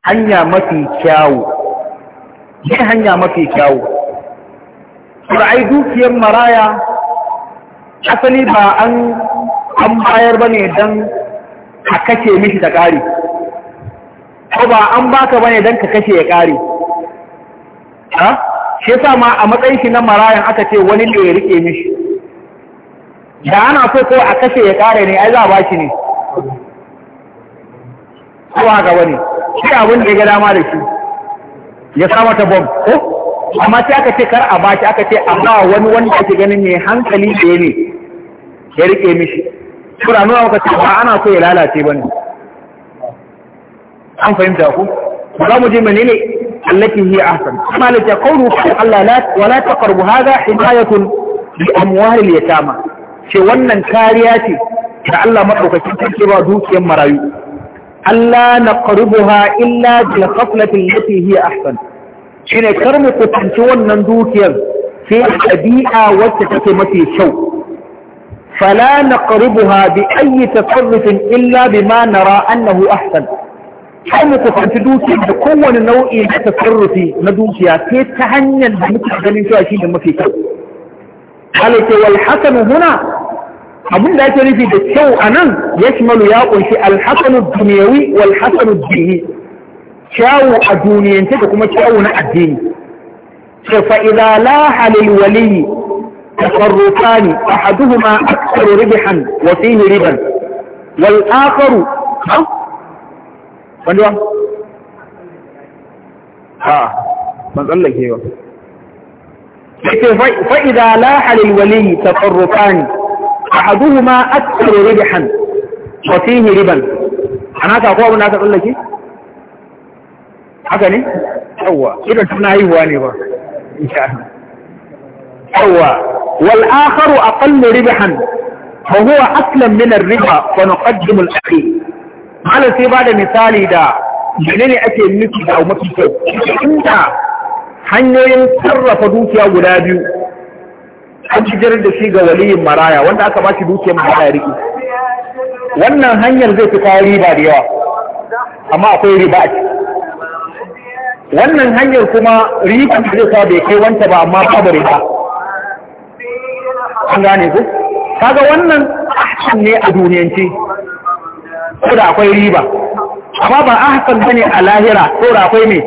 hanya mafi kyawu ne hanya mafi kyawu ra'ayi dukiyar maraya asali ba an an bayar ne don ka kashe mishi da ƙari ko ba an baka ba ne don ka kashe ya ƙari ha shi sa ma a matsayin shi na marayan aka ce wani ne ya rike mishi da ana so ko a kashe ya kare ne ai za a ba shi ne ko haka wani shi abin da ya dama da shi ya sa mata bom ko amma sai aka ce kar a ba shi aka ce amma wani wanda ake ganin mai hankali da ne ya rike mishi kura nuna maka ce ba ana so ya lalace ba ne an fahimta ku za mu je menene allati hi ahsan amma la rufin Allah wala wa la taqrabu hadha hidayatun bi amuwar al-yatama ce wannan kariya ce da Allah maɗaukakin sarki ba dukiyar marayu Allah na qarubuha illa bil ghaflati allati a ahsan shine kar mu kutanci wannan dukiyar sai ɗabi'a wacce take mafi kyau فلا نقربها بأي تصرف إلا بما نرى أنه أحسن har mu kusanci dukiyar da kowane nau'i na tasarrufi na dukiya sai ta hanyar da muke ganin cewa shi ne mafi kyau halitta wal hasanu huna abin da ake nufi da kyau a nan ya shimalu ya kunshi alhassanu duniyawi wal dini kyawu a duniyance da kuma kyawu na addini ce fa'iza la halil waliyi tasarrufani ahaduhuma aksaru ribihan wa fihi riban wal akharu ha wanda ba ha ban tsallake ba yake fa'ida lahalil wali tafarruqani ahaduhuma aktsaru ribhan wa fihi riban ana ka ko abin da aka tsallake haka ne yawa idan tana haihuwa ne ba insha wal'akaru yawa wal akharu aqallu ribhan fa huwa aslan min riba fa nuqaddimu al-akhir malam sai ba da misali da menene ake nufi da mafi kyau hanyoyin sarrafa dukiya guda biyu an jirar da shi ga waliyin maraya wanda aka ba shi dukiyar maraya riki wannan hanyar zai fi kawo riba da yawa amma akwai riba a wannan hanyar kuma riba da zai kawo bai kai wanta ba amma babu riba an gane ku kaga wannan ahsan ne a duniyanci da akwai riba amma ba ahsan bane a lahira da akwai mai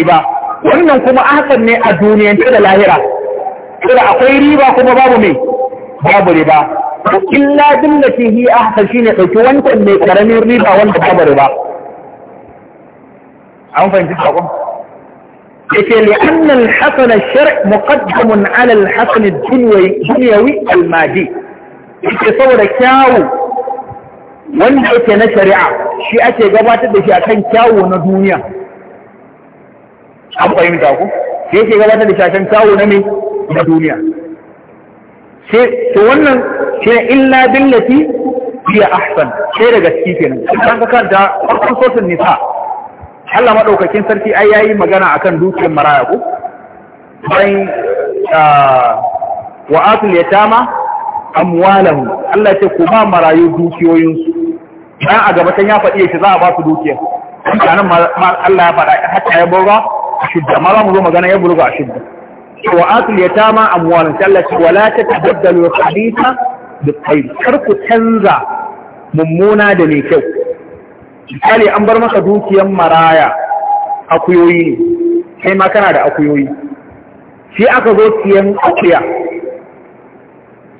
riba wannan kuma ahsan ne a duniyance da lahira saboda akwai riba kuma babu mai babu riba to illa dillati hi ahsan shine dauki wancan mai karamin riba wanda babu riba an fahimci sakon yace li anna al-hasan al-shar' muqaddam ala al-hasan al-dunyawi al-madi saboda kyawu wanda yake na shari'a shi ake gabatar da shi akan kyawu na duniya an fahimta ku sai yake gabatar da shashen kawo na mai na duniya sai to wannan shi ne illa billati biya ahsan sai daga ciki nan kan ka kanta farkon sosin nisa Allah madaukakin sarki ai yayi magana akan dukiyar maraya ku bayan ah, wa atul yatama amwalahu Allah ya ce ku ba marayu dukiyoyinsu dan a gaba can ya faɗi shi za a ba su dukiya kana Allah ya faɗa hatta ya bawa ashidda ma za mu zo magana ya buluga ashidda wa atul yatama amwalan sallati wa la tatabaddalu khabitha bi tayyib kar ku canza mummuna da mai kyau misali an bar maka dukiyan maraya akuyoyi ne kai ma kana da akuyoyi sai aka zo siyan akuya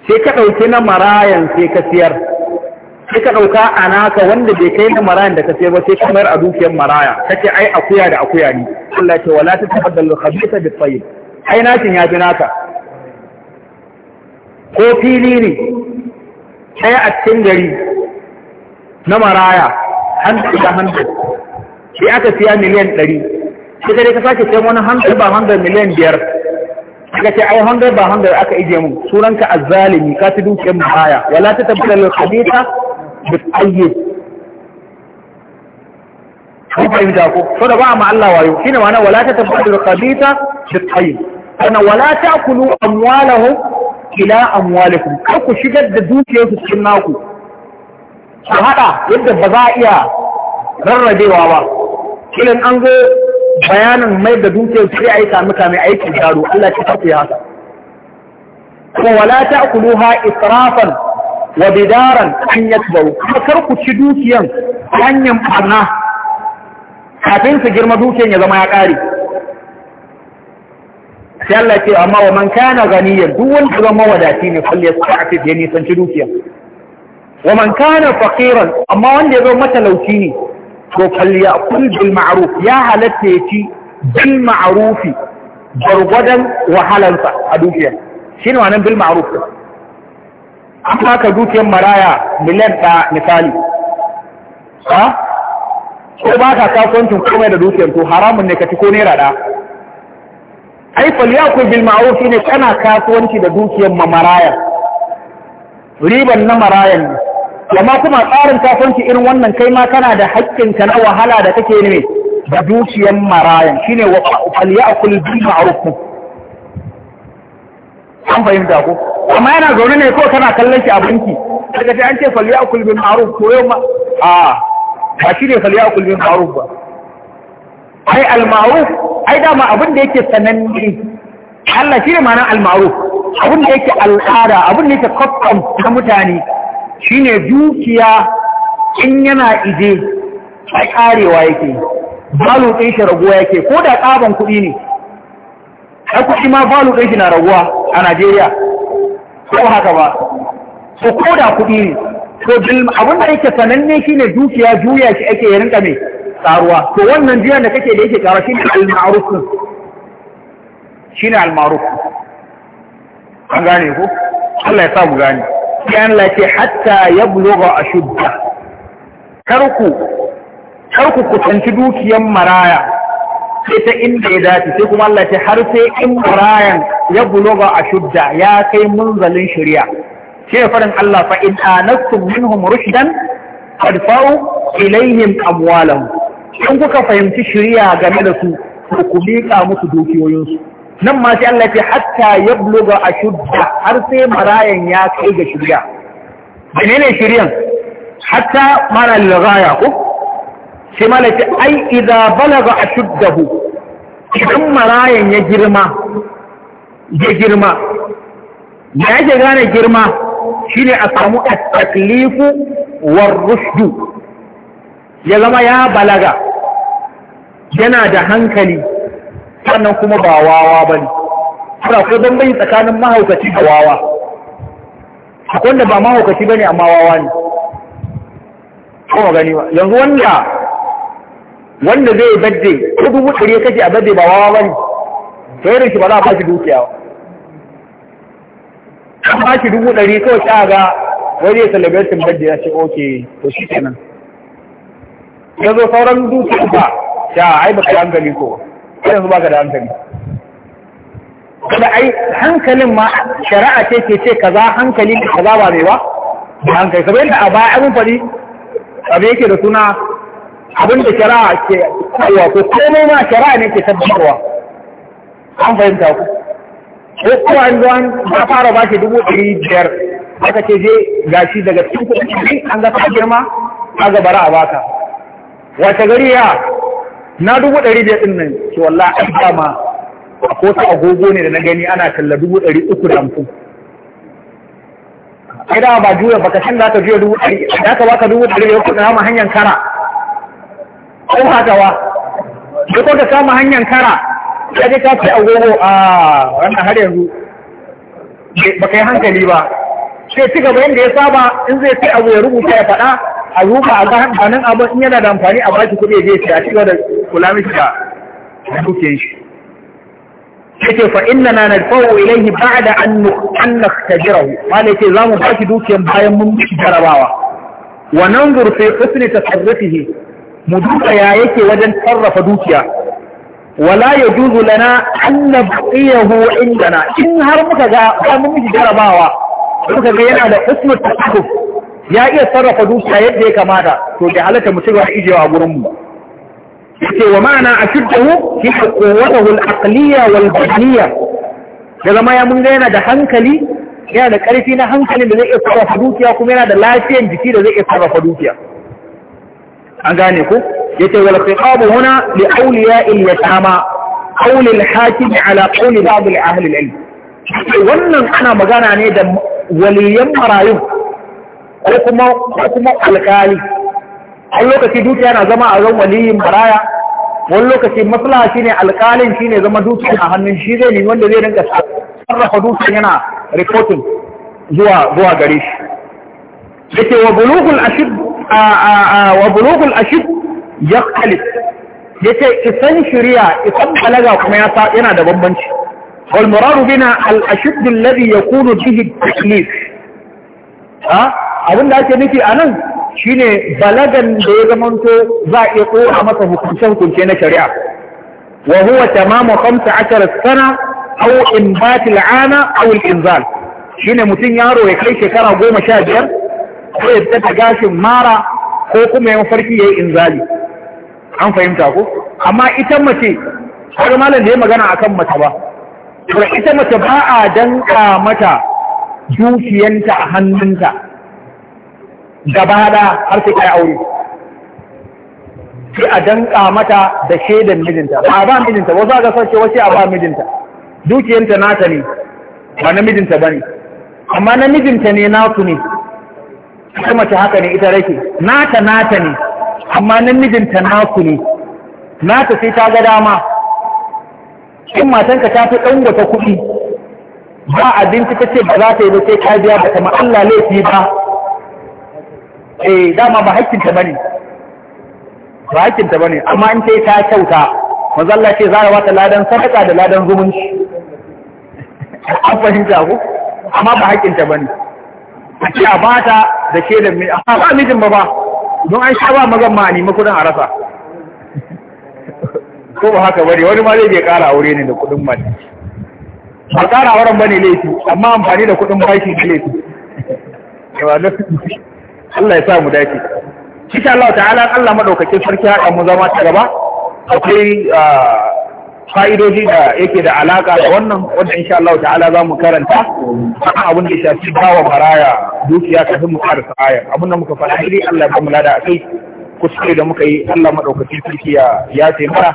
sai ka ɗauki na marayan sai ka siyar sai ka ɗauka a naka wanda bai kai na marayan da ka sai ba sai kamar a dukiyar maraya kace ai akuya da akuya ne Allah ce wala ta tabaddalu khabitha bit tayyib ai nakin ya fi naka ko fili ne sai a cikin gari na maraya hanzu da hanzu sai aka siya miliyan ɗari sai ka dai ka sake sai wani hanzu ba hanzu miliyan biyar aka ce ai hanzu ba hanzu aka ije mun sunanka azzalimi ka fi dukiyar maraya wala ta tabaddalu khabitha bitayye kun fahimta ko so da ba ma Allah wayo shine ma'ana wala ta tabbatu khabita bitayye ana wala ta ta'kulu amwalahum ila amwalikum kar ku shigar da su cikin naku ku hada yadda ba za a iya rarrabewa ba kilin an zo bayanin mai da dukiyar sai a yi sami kame aikin gado Allah ta tafi haka kuma wala ta'kuluha israfan wa bidaran an yasbau kuma kar ku ci dukiyan hanyar barna kafin su girma dukiyan ya zama ya ƙare sai Allah ce amma wa man kana ganiyan duk wanda zama wadati ne kulli yasta'fif ya nisanci dukiyan wa man kana faqiran amma wanda ya zama matalauci ne to kulli ya'kul bil ma'ruf ya halatta ya ci bil ma'rufi gwargwadon wahalansa a dukiya shi ne wannan bil ma'ruf an baka dukiyar maraya miliyan ɗaya misali ha ko ba ka kasuwancin komai da dukiyar to haramun ne ka ci ko naira ɗaya ai ku bil ma'ruf ne kana kasuwanci da dukiyar ma maraya riban na marayan ne amma kuma tsarin kasuwanci irin wannan kai ma kana da haƙƙin ka na wahala da kake ne da dukiyar marayan shine wa ku bil ma'ruf an fahimta ko amma yana zaune ne ko kana kallon shi a banki daga sai an ce falya akul bin ma'ruf to yau ma a ba shi ne falya akul bin ma'ruf ba ai al-ma'ruf ai dama abin da yake sananne Allah shi ne ma'anar al-ma'ruf abin da yake al'ada abin da yake custom na mutane shine dukiya in yana ije ai karewa yake balu ɗin shi raguwa yake ko da tsaban kuɗi ne ai kuɗi ma balu ɗin shi na raguwa a Najeriya ko haka ba Ko ko da kuɗi ne to abin da yake sananne shine dukiya juya shi ake yarin rinka mai karuwa to wannan jiyan da kake da yake karuwa shi al-ma'ruf Shi al-ma'ruf an gane ku? Allah ya sa mu gane lafi hatta ya hatta a shudda, karku karku kusanci dukiyan maraya sai ta inda ya dace sai kuma Allah ce har sai in Qur'an ya buloga a shudda ya kai munzalin shari'a shi farin Allah fa in anastum minhum rushdan fadfa'u ilaihim amwalahum in kuka fahimci shari'a game da su to ku miƙa musu dukiyoyinsu nan ma sai Allah ce hatta ya buloga a shudda har sai marayan ya kai ga shari'a menene shari'an hatta mara lagaya ko shi malaki ai idza balaga ashuddahu idan marayan ya girma ya girma ya yake gane girma shine a samu a taklifu war rushdu ya zama ya balaga yana da hankali sannan kuma ba wawa ne kuma ko don bai tsakanin mahaukaci da wawa akwai wanda ba mahaukaci ne amma wawa ne kuma gani ba yanzu wanda wanda zai badde ko dubu ɗari ya kashe a badde ba wawa bane to irin shi ba za a bashi dukiya ba an bashi dubu ɗari kawai ta ga wani ya celebrating badde ya ce oke to shi kenan ya zo sauran dukiya ba ya ai baka da hankali ko yanzu baka da hankali kada ai hankalin ma shari'a ce ke ce kaza hankali kaza ba mai ba hankali saboda a baya abin fari abu yake da suna abin da shari'a ke kawo ko komai ma shari'a ne ke tabbatarwa an fahimta ku ko kuma an zo an ba fara ba ke dubu ɗari biyar aka ce je gashi daga cikin kuɗi an ga ta girma a ga bara a baka wace gari ya na dubu ɗari biyar ɗin nan ki wallahi an ba ma a kota agogo ne da na gani ana talla dubu ɗari uku da hamsin ai da ba juya ba ka san za ka juya dubu ɗari da ka baka dubu ɗari biyar kuɗin hanyar kara ko hagawa sai ko ka kama hanyar kara ya je ka ce agogo a wannan har yanzu ba kai hankali ba sai ci gaba yadda ya saba in zai ce abu ya rubuta ya faɗa a ruka a ga hannun abu in yana da amfani a baki kuɗi je shi a ci da kula mishi da dukiyan shi yake fa inna na nadfa'u ilayhi da an an naktajirahu wala yake mu baki dukiyan bayan mun jarabawa wa nanzur fi tasarrufihi mu duka ya yake wajen sarrafa dukiya wala ya juzu lana an na indana in har muka ga ba mun miji jarabawa muka ga yana da husnul tasarruf ya iya sarrafa dukiya yadda ya kamata to da halatta mu cigaba da ijewa a gurin mu yace wa ma'ana a fi quwwatihi al-aqliyya wal badaniyya da zama ya mun ga yana da hankali yana da karfi na hankalin da zai iya sarrafa dukiya kuma yana da lafiyar jiki da zai iya sarrafa dukiya an gane ku yace wal khitab huna li awliya al yatama qawl al hakim ala qawl ba'd al ahli al ilm wannan ana magana ne da waliyan marayu ko kuma ko kuma alkali a lokaci dukiya na zama a ran waliyin maraya wani lokaci maslaha shine alkalin shine zama dukiya a hannun shi zai ne wanda zai rinka sarrafa dukiya yana reporting zuwa zuwa gare shi yake wa bulughul ashid آه، آه، آه، وبلوغ الأشد يختلف يتي إثن شريع إثن بلغة كميات إنا دببنش والمرار بنا الأشد الذي يكون به التكليف ها أبن لأكي نتي أنا شيني بلغا ديغمانتو ذائقو عمته خمسه كنشين شريع وهو تمام خمس عشر السنة أو إنبات العانة أو الإنزال شيني متين يارو يكلي شكرا قوم شاجر ko ya fita da gashin mara ko kuma ya mafarki ya yi inzali an fahimta ko amma ita mace har malam da ya magana akan mace ba to ita mace ba a danka mata dukiyanta a hannunta gaba da har sai kai aure sai a danka mata da shaidan mijinta ba a ba mijinta wasu ga sace wasu a ba mijinta dukiyanta nata ne ba na mijinta bane amma na mijinta ne naku ne ita mace haka ne ita rake nata nata ne amma namijinta naku ne nata sai ta ga dama in matanka ta fi wata kuɗi ba abinci ta ce ba za ta yi ba sai ta biya ba ta Allah laifi ba eh dama ba hakkinta ba ne ba hakkinta ba ne amma in sai ta kyauta mazalla ce za a wata ladan sadaka da ladan zumunci an fahimta ku amma ba hakkinta ba ne a ce a bata da da mai a ba mijin ba ba don an sha ba magan ma a nemi kudin a rasa ko ba haka bane wani ma zai je kara aure ne da kudin mace ba kara auren bane laifi amma amfani da kudin baki ne laifi Allah ya sa mu dace insha Allah ta'ala Allah madaukakin sarki haka mu zama ta gaba akwai ah, fa'idoji da yake da alaka da wannan wanda insha Allah ta'ala za mu karanta akan abin da shafi bawa baraya dukiya kafin mu karasa aya. abin da muka faɗa dai Allah ya mu lada a kai kuskure da muka yi Allah madaukakin sarki ya ya taimaka.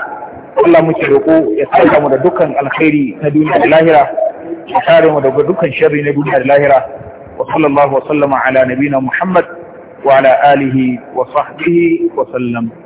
Allah muke roƙo ya tsaya mu da dukkan alkhairi na duniya da lahira ya kare mu da dukkan sharri na duniya da lahira wa sallallahu wa sallama ala nabina Muhammad wa ala alihi wa sahbihi wa sallam